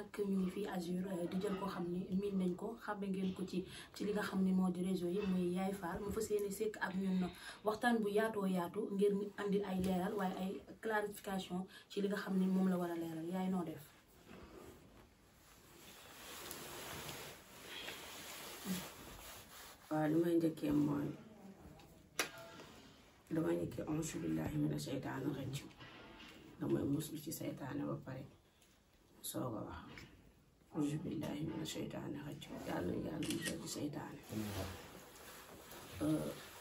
nag ñu ngi fii eh, di jël koo xam ni miin nañ ko xàmme ngeen ko ci ci li nga xam ne moo di réseau yi muy Yaay Fall mu fas yéene sekk ak ñun waxtaan bu yaatoo yaatu ngir indi ay leeral waaye ay clarification ci li nga xam ne moom la war a leeral yaay noo def. waaw li may njëkkee mooy damay njëkkee auzu billaahi mina sheytaani rajiim damay muslu ci seytaane ba pare. soog a wax auzu seytaane rajiim yàlla yàlla musal ci seytaane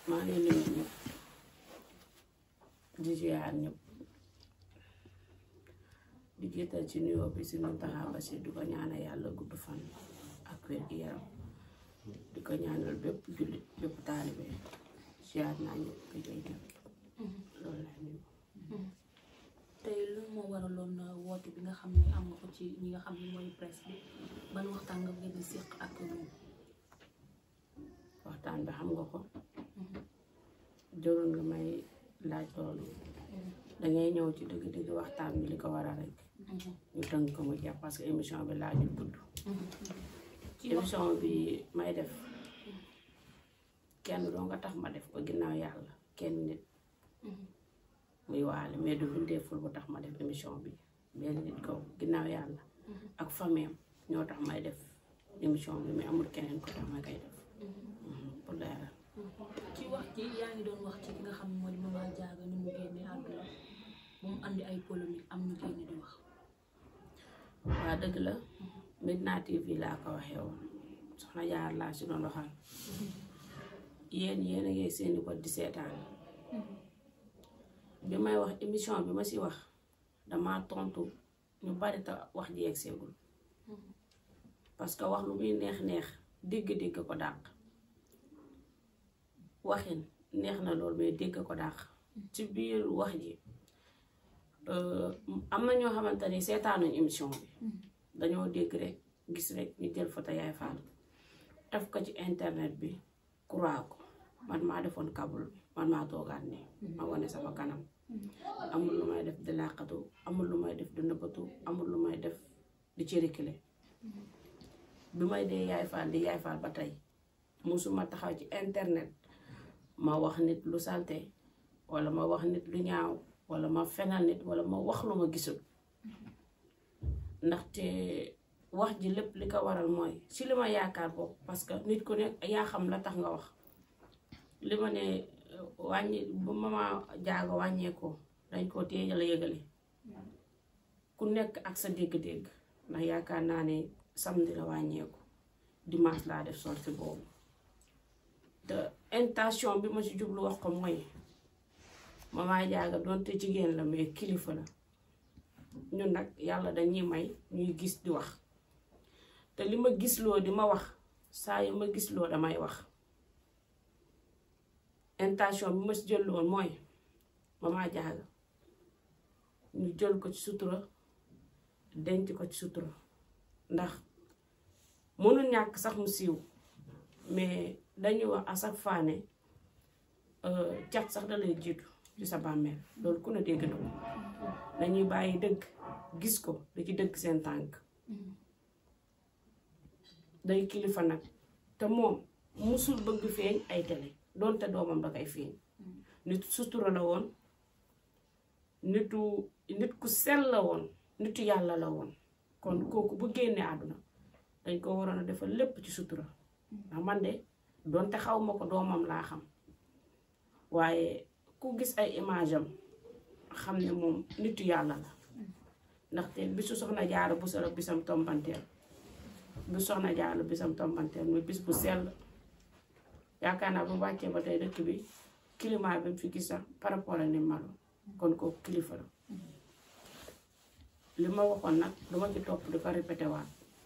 maa ngi nuyu ñëpp di ziar ñëpp di jiital ci nuyoo bi si nu taxaaba si du ko ñaanal yàlla gudd fan ak wér gi yaram di ko ñaanal bépp jullit bépp taalibe ziar naa ñëpp di koy jëm ci ñi nga xam ne mooy presse bi ban waxtaan bi xam nga ko mhm. joroon nga may laaj loolu mhm. dangay ñëw ci dëgg dëgg waxtaan bi li ko waral rek mhm. ñu tënk ko mu jeex parce que émission bi laajul gudd ci émission bi may def kenn doo nga tax ma def ko ginnaaw yàlla kenn nit muy waale mais du bindee ful bu tax ma def émission bi mel nit kaw ginnaaw yàlla mm-hmm. ak famille ñoo tax may def émission bi mais amul keneen ko tax ma koy def mm-hmm. Mm-hmm, mu génne ay polémique am ñu génne di wax waa dëgg la Medina TV laa ko waxee woon soxna jaar laa si doon waxal yéen yéen a seeni bët di seetaan bi may wax émission bi ma si wax damaa tontu ñu bari wax ji yegg seegul parce que wax lu muy neex-neex dégg-dégg ko dàq waxin neex na lool mais dégg ko dàq ci biir wax ji euh, am na ñoo xamante ni seetaanuñ émission bi dañoo dégg rek gis rek ñu jël photo Yaay Fall taf ko ci internet bi kuraa ko man maa defoon kabul man maa toogaat ne ma wane sama kanam amul lu may def di làqatu amul lu may def di nëbbatu amul lu may def di cirikile bi may dee yaay faal di yaay faal ba tey musuma taxaw ci internet ma wax nit lu salte wala ma wax nit lu ñaaw wala ma fenal nit wala ma wax lu ma gisul ndaxte wax ji lépp li ko waral mooy si li ma yaakaar boobu parce que nit ko ne yaa xam la tax nga wax li ma ne wàññi bu maman jaaga wàññeekoo dañ koo téye la yëgale ku nekk ak sa dégg-dégg ndax yaakaar naa ne samedi la wàññeeku dimanche laa def sorti boobu te intention bi ma ci jublu wax ko mooy ma maman jaaga doonte jigéen la mais kilifa la ñun nag yàlla dañuy may ñuy gis di wax te li ma gisloo di ma wax saa yu ma gisloo damay wax intention bi ma si jël woon mooy Mama jaar ñu jël ko ci sutura denc ko ci sutura ndax mënul ñàkk sax mu siiw mais dañuy wax à chaque fois ne euh, cat sax da jiitu ci sa bàmmeel loolu ku ne dégg na bàyyi dëgg gis ko da ci dëgg seen tànk day kilifa nag te moom musul bëgg feeñ ay tele doonte doomam da koy feeñ nit sutura la woon nitu nit ku sel la woon nitu yàlla la woon kon mm. kooku bu génnee àdduna dañ koo waroon a defal lépp ci sutura ndax man de doonte xaw ma ko doomam laa xam waaye ku gis ay image xam ne moom nitu yàlla la ndaxte bisu soxna jaara bu solo bisam tombanteel bisu soxna jaara bisam tombanteel muy bis bu sell yaakaar naa ba mu wàccee ba tey dëkk bi climat bi fi gis sax par rapport ak ni maloon kon kooku kilifa la li ma waxoon nag du ci topp di ko répété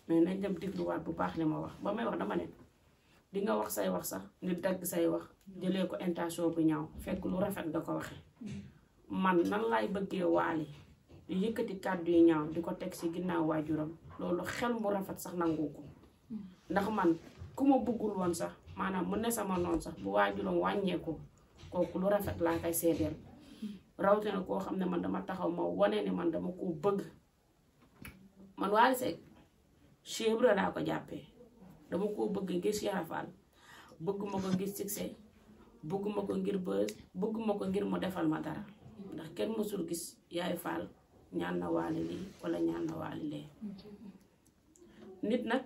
mais nañ dem digluwaat bu baax li ma wax ba may wax dama ne di nga wax say wax sax nit dagg say wax jëlee ko intention bu ñaaw fekk lu rafet nga ko waxee man nan laay bëggee waali di yëkkati kàddu yi ñaaw di ko teg ci ginnaaw waajuram loolu xel mu rafet sax nangu ko mm. ndax man ku ma bëggul woon sax maanaam mën na sama noon sax bu waajuram wàññeeku kooku lu rafet laa koy seedeel rawatina koo xam ne man dama taxaw ma wane ne man dama koo bëgg man Wally se Cheikh Ibra laa ko jàppee dama koo bëgg ngir Cheikh Rafal bëgguma ko ngir succès bëgguma ko ngir ko ngir mu defal ma dara ndax kenn mësul gis yaay Fall ñaan na Wally lii wala ñaan na Wally lee nit nag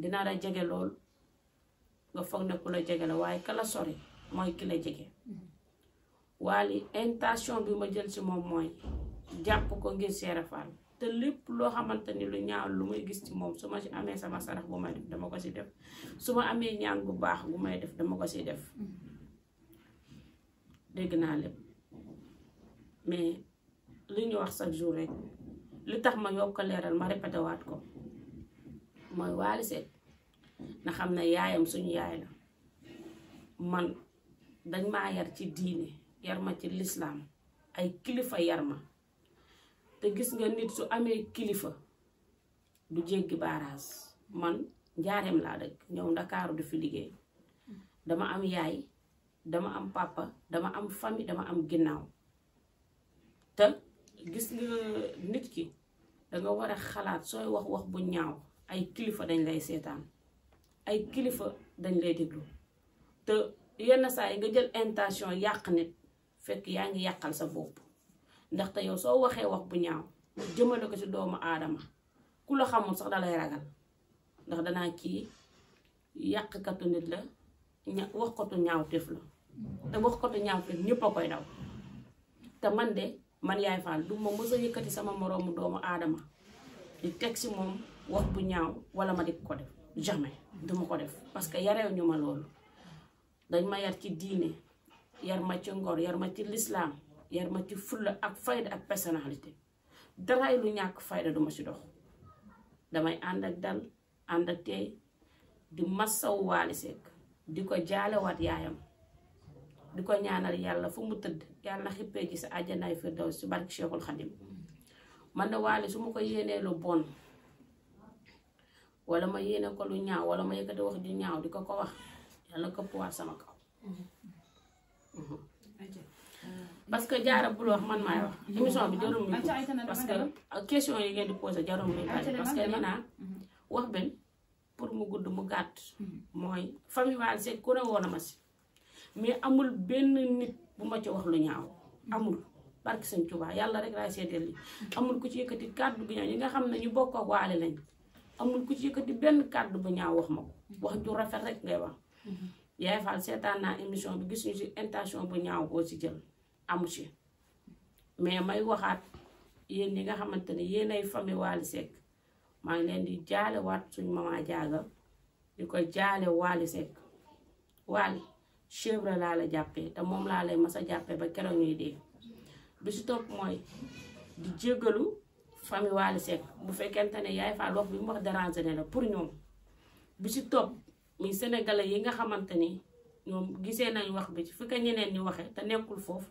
dinaa la jege lool nga foog ne ku la jege la waaye ka la sori mooy ki la jege waali intention bi ma jël ci moom mooy jàpp ko ngir Seere Faal te lépp loo xamante ni lu ñaaw lu may gis ci moom su ma si amee sama sarax bu may def dama ko si def su ma amee ñaan bu baax bu may def dama ko si def dégg naa lépp mais li ñu wax chaque jour rek li tax ma yokk ko leeral ma répété ko mooy Waly Seck na xam ne yaayam suñ yaay la man dañ maa yar ci diine yar ma ci lislaam ay kilifa yar ma te gis nga nit su amee kilifa du jéggi baaraas man njaareem laa dëkk ñëw ndakaaru du fi liggéey dama am yaay dama am papa dama am famille dama am ginnaaw te gis nga nit ki danga war a xalaat sooy wax wax bu ñaaw ay kilifa dañ lay seetaan ay kilifa dañ lay déglu te yenn saa yi nga jël intention yàq nit fekk yaa ngi yàqal sa bopp ndaxte yow soo waxee wax bu ñaaw jëmale ko ci doomu aadama ku la xamul sax dalay ragal ndax danaa kii yàqkatu nit la ña waxkatu ñaawteef la te waxkatu ñaawteef ñëpp a koy daw te man de man yaay faal du ma mës yëkkati sama moroomu doomu aadama di teg ci moom wax bu ñaaw wala ma di ko def jamais duma ko def parce que yarew ñu ma loolu dañ ma yar ci diine yar ma ci ngor yar ma ci lislaam yar ma ci fulla ak fayda ak personnalité daraay lu ñàkk fayda duma ci dox damay ànd ak dal ànd ak tey di massaw Wally di ko jaalewaat yaayam di ko ñaanal yàlla fu mu tëdd yàlla na xippee ji sa àjjanaay firdaws ci barke Cheikhul Xadim man na Wally su ma ko yéenee lu bon wala ma yéene ko lu ñaaw wala ma yëkkati wax ju ñaaw di ko ko wax yàlla na këpp waat sama kaw. parce que jaara bul wax man maay wax. émission bi jarul mi parce que question yi ngeen di posé jarul mi parce que nee naa mhm. wax benn pour mu gudd mu gàtt. Mhm. mooy famille Wally Seck ku ne woon a ma mais amul benn nit bu ma ci wax lu ñaaw mhm. amul. barki sëñ Tuubaa yàlla rek laay seedeel li amul ku ci yëkkati kàddu gi ñaaw ñi nga xam ne ñu bokk ak waale lañ. amul ku ci yëkkati benn kàddu bu ñaaw wax ma ko wax ju rafet rek ngay wax yaay Fall seetaan naa émission bi gisuñu si intention bu ñaaw koo ci jël amu ci mais may waxaat yéen ñi nga xamante ne yéenay famille Wally Seck maa ngi leen di jaale waat suñu mama jaaga di ko jaale Wally Seck Wally chèvre laa la jàppee te moom laa lay mas a jàppee ba keroog ñuy dee bi si topp mooy di jégalu famille Wally Seck bu fekkente ne Yaay Fall wax bi mu wax déranger ne la pour ñoom bi si topp muy sénégalais yi nga xamante ni ñoom gisee nañ wax bi ci fi ñeneen ñi waxee te nekkul foofu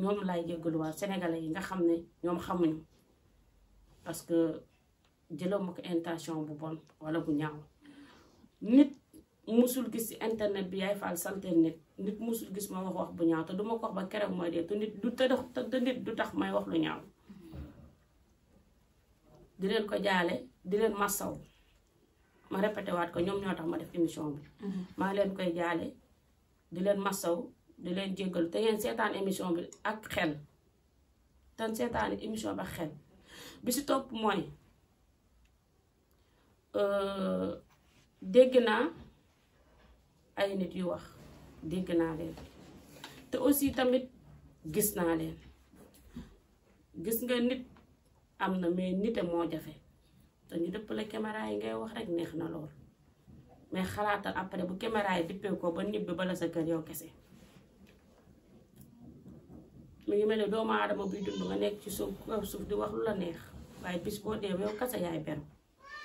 ñoom laay jéggaluwaat sénégalais yi nga xam ne ñoom xamuñu parce que jëlawma ko intention bu bon wala bu ñaaw nit musul gis ci internet bi Yaay Fall santé nit nit musul gis ma wax wax bu ñaaw te duma ko wax ba keroog mooy dee te nit du te nit du tax may wax lu ñaaw di leen ko jaale di leen massaw ma répété waat ko ñoom ñoo tax ma def émission bi. Mhm. maa leen koy jaale di leen massaw di leen jéggal te ngeen seetaan émission bi ak xel te seetaan émission bi ak xel bi si topp mooy euh, dégg naa ay nit yu wax dégg naa leen te aussi tamit gis naa leen gis nga nit. am na mais nite moo jafe te ñu dëppale caméra yi ngay wax rek neex na lool mais xalaatal après bu caméra yi dippee ko ba ñibbi bala sa kër yow kese mu ngi mel ne doomu aadama buy dund nga nekk ci suuf kaw suuf di wax lu la neex waaye bis boo dee yow kese yaay beru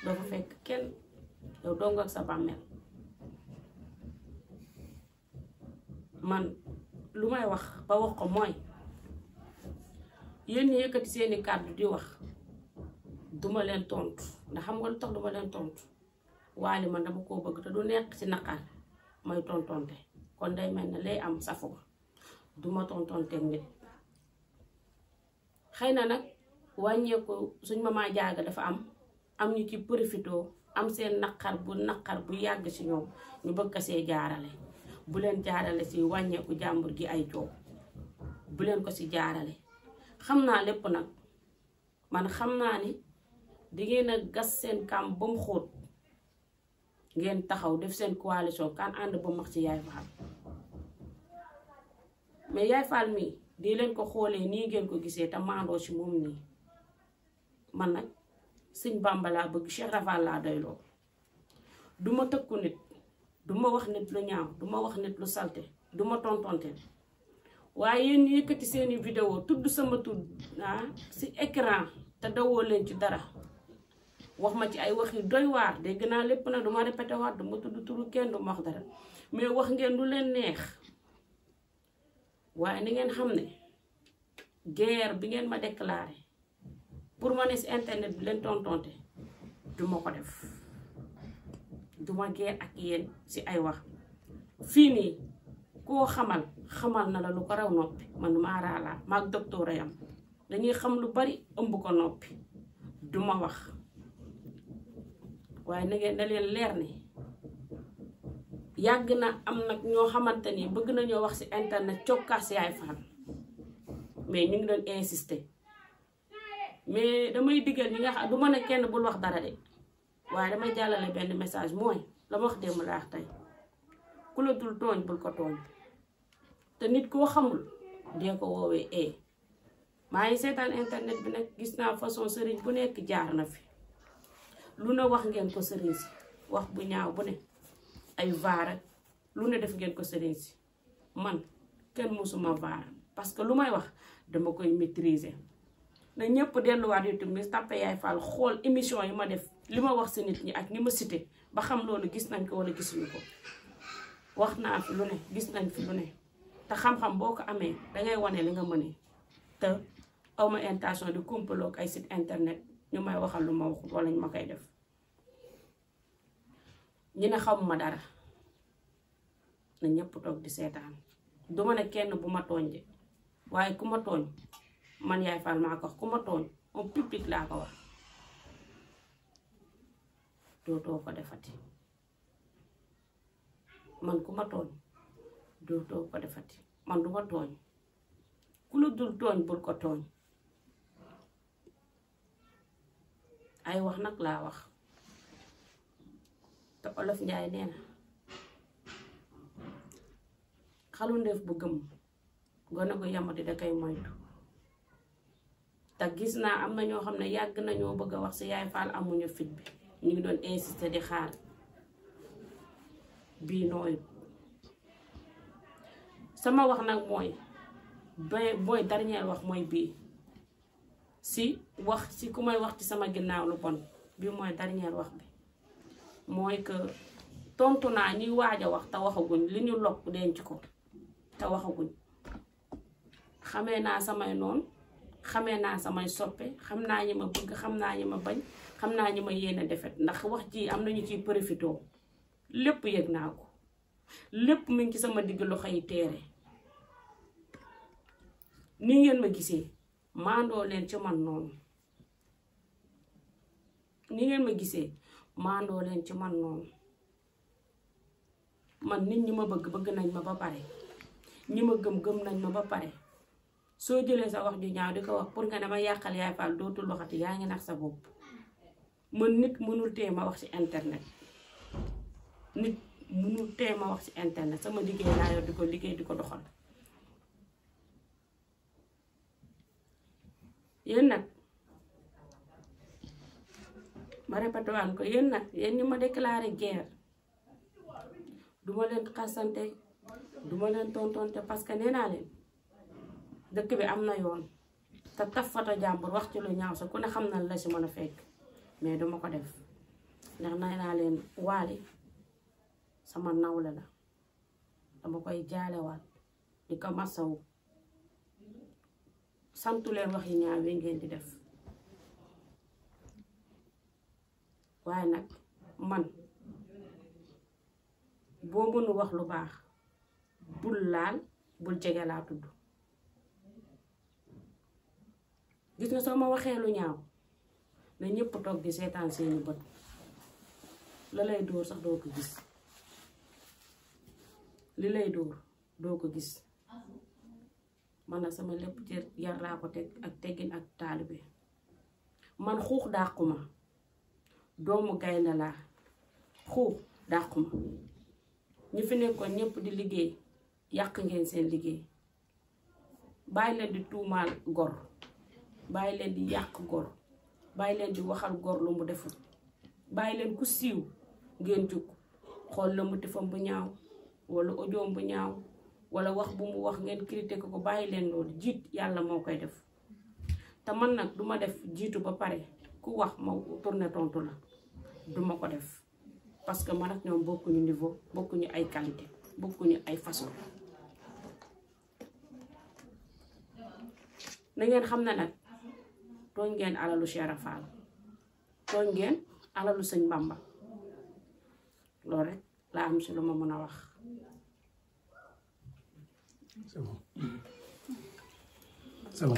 doo fekk kenn yow dong sa bàmmeel man lu may wax ba wax ko mooy yéen ñi yëkkati seeni kàddu di wax duma leen tontu ndax xam nga lu tax duma leen tontu waali man dama koo bëgg te du nekk ci naqar may tontonte kon day mel ne lay am safu duma tontonte nit xëy na nag wàññeeku suñ mama jaaga dafa am am ñu ci profito am seen naqar bu naqar bu yàgg ci ñoom ñu bëgg ko see jaarale bu leen jaarale ci wàññeeku jàmbur gi ay coow bu leen ko ci jaarale xam naa lépp nag man xam naa ni di dingeen a gas seen kàmm ba mu xóot ngeen taxaw def seen coalition kan ànd ba wax ci yaay faal mais yaay faal mii di leen ko xoolee nii ngeen ko gisee te maandoo ci moom nii man nag sëñ Bàmba laa bëgg Cheikh Rafal laa doyloo duma tëkku nit duma wax nit lu ñaaw duma wax nit lu salte duma tontonte waaye yéen yëkkati seeni video tudd sama tudd ah si écran te dawoo leen ci dara wax ma ci ay wax yu doy waar dégg naa lépp nag duma répété waat duma tudd turu kenn duma wax dara mais wax ngeen lu leen neex waaye na ngeen xam ne guerre bi ngeen ma déclaré pour ma ne si internet bi leen tontonte duma ko def duma guerre ak yéen si ay wax fii nii koo xamal xamal na la lu ko raw noppi man maara laa maag docteur yam dañuy xam lu bari ëmb ko noppi duma wax waaye na ngeen na leen leer ni yàgg na am nag ñoo xamante ni bëgg nañoo wax si internet cokkaas yaay fan mais ñu ngi doon insister mais damay diggal ñi nga xam du ma ne kenn bul wax dara de waaye damay jàllale benn message mooy la wax démb laax tey ku la dul tooñ bul ko tooñ te nit koo xamul dee ko woowee e maa ngi seetaan internet bi nag gis naa façon sëriñ bu nekk jaar na fi lu ne wax ngeen ko sëriñ si wax bu ñaaw bu ne ay vaar lu ne def ngeen ko sëriñ si man kenn musuma vaar parce que lu may wax dama koy maîtriser ne ñëpp delluwaat YouTube mi tàppe yaay Fall xool émission yi ma def li ma wax si nit ñi ak ni ma site ba xam loolu gis nañ ko wala gisuñu ko wax naa fi lu ne gis nañ fi lu ne te xam-xam boo ko amee dangay wane li nga mënee te awma intention di kumpaloog ay site internet ñu may waxal lu ma waxut wala ñu ma koy def ñu ne xamuma dara na ñëpp toog di seetaan duma ne kenn bu ma tooñ de waaye ku ma tooñ man yaay Fall maa ko wax ku ma tooñ en public laa ko wax dootoo ko defati man ku ma tooñ dootoo ko defati man du ma tooñ ku la dul tooñ bul ko tooñ ay wax nag laa wax te olof njaay nee na xalu ndeef bu gëm gone gu yamati da kay moytu te gis naa am na ñoo xam ne yàgg nañoo bëgg a wax si yaay faal amuñu fit bi ñu ngi doon insister di xaar bii nooyu sama wax nag mooy ba booy dernier wax mooy bii si wax si ku may wax ci sama ginnaaw lu bon bii mooy dernier wax bi mooy que tontu naa ñuy waaja wax te waxaguñ li ñu lokk denc ko te waxaguñ xamee naa samay noonu xamee naa samay soppe xam naa ñi ma bëgg xam naa ñi ma bañ xam naa ñi ma yéene defet ndax wax ji am na nañu ciy profitoo lépp yëg naa ko lépp mu ngi ci sama digg loxo yi téere ni ngeen ma gisee maandoo leen ca man noonu ni ngeen ma gisee maandoo leen ca man noonu man nit ñi ma bëgg bëgg nañ ma ba pare ñi ma gëm gëm nañ ma ba pare soo jëlee sa wax ju ñaaw di ko wax pour nga dama yàqal yaay faal dootul waxati yaa ngi nax sa bopp man nit mënul tee ma wax ci internet nit mënul tee ma wax ci internet sama liggéey laa yor di ko liggéey di ko doxal yéen nag ma répété ko yéen nag yéen ñi ma déclaré guerre duma leen xasante duma leen tontonte parce que nee leen dëkk bi am na yoon te taf foto jàmbur wax ci lu ñaaw sa ku ne xam na la si mën a fekk mais duma ko def ndax nee naa leen waali sama nawle la dama koy jaalewaat di ko masawu santuleen wax yi ñaaw yi ngeen di def waaye nag man boo mënu wax lu baax bul laal bul jege laa tudd gis nga soo ma waxee lu ñaaw na ñëpp toog di seetaan seeni bët la lay dóor sax doo ko gis li lay dóor doo ko gis man a sama lépp jër yar laa ko teg ak teggin ak taalibe man xuux dàquma doomu gaynde laa xuux dàquma ñu fi nekkoon ñépp di liggéey yàq ngeen seen liggéey bàyyi leen di tuumaal gor bàyyi leen di yàq gor bàyyi leen di waxal gor lu mu deful bàyyi leen ku siiw ngeen jug xool la mu tifam bu ñaaw wala ojoom bu ñaaw wala wax bu mu wax ngeen critiqué ko bàyyi leen loolu jiit yàlla moo koy def te man nag du ma def jiitu ba pare ku wax ma tourné tontu la duma ko def parce que man ak ñoom bokkuñu niveau bokkuñu ay qualité bokkuñu ay façon na ngeen xam ne nag tooñ ngeen alalu Cheikh Fall ngeen alalu sëñ Bamba loolu rek laa am si lu ma mën a wax C'est bon. C'est bon.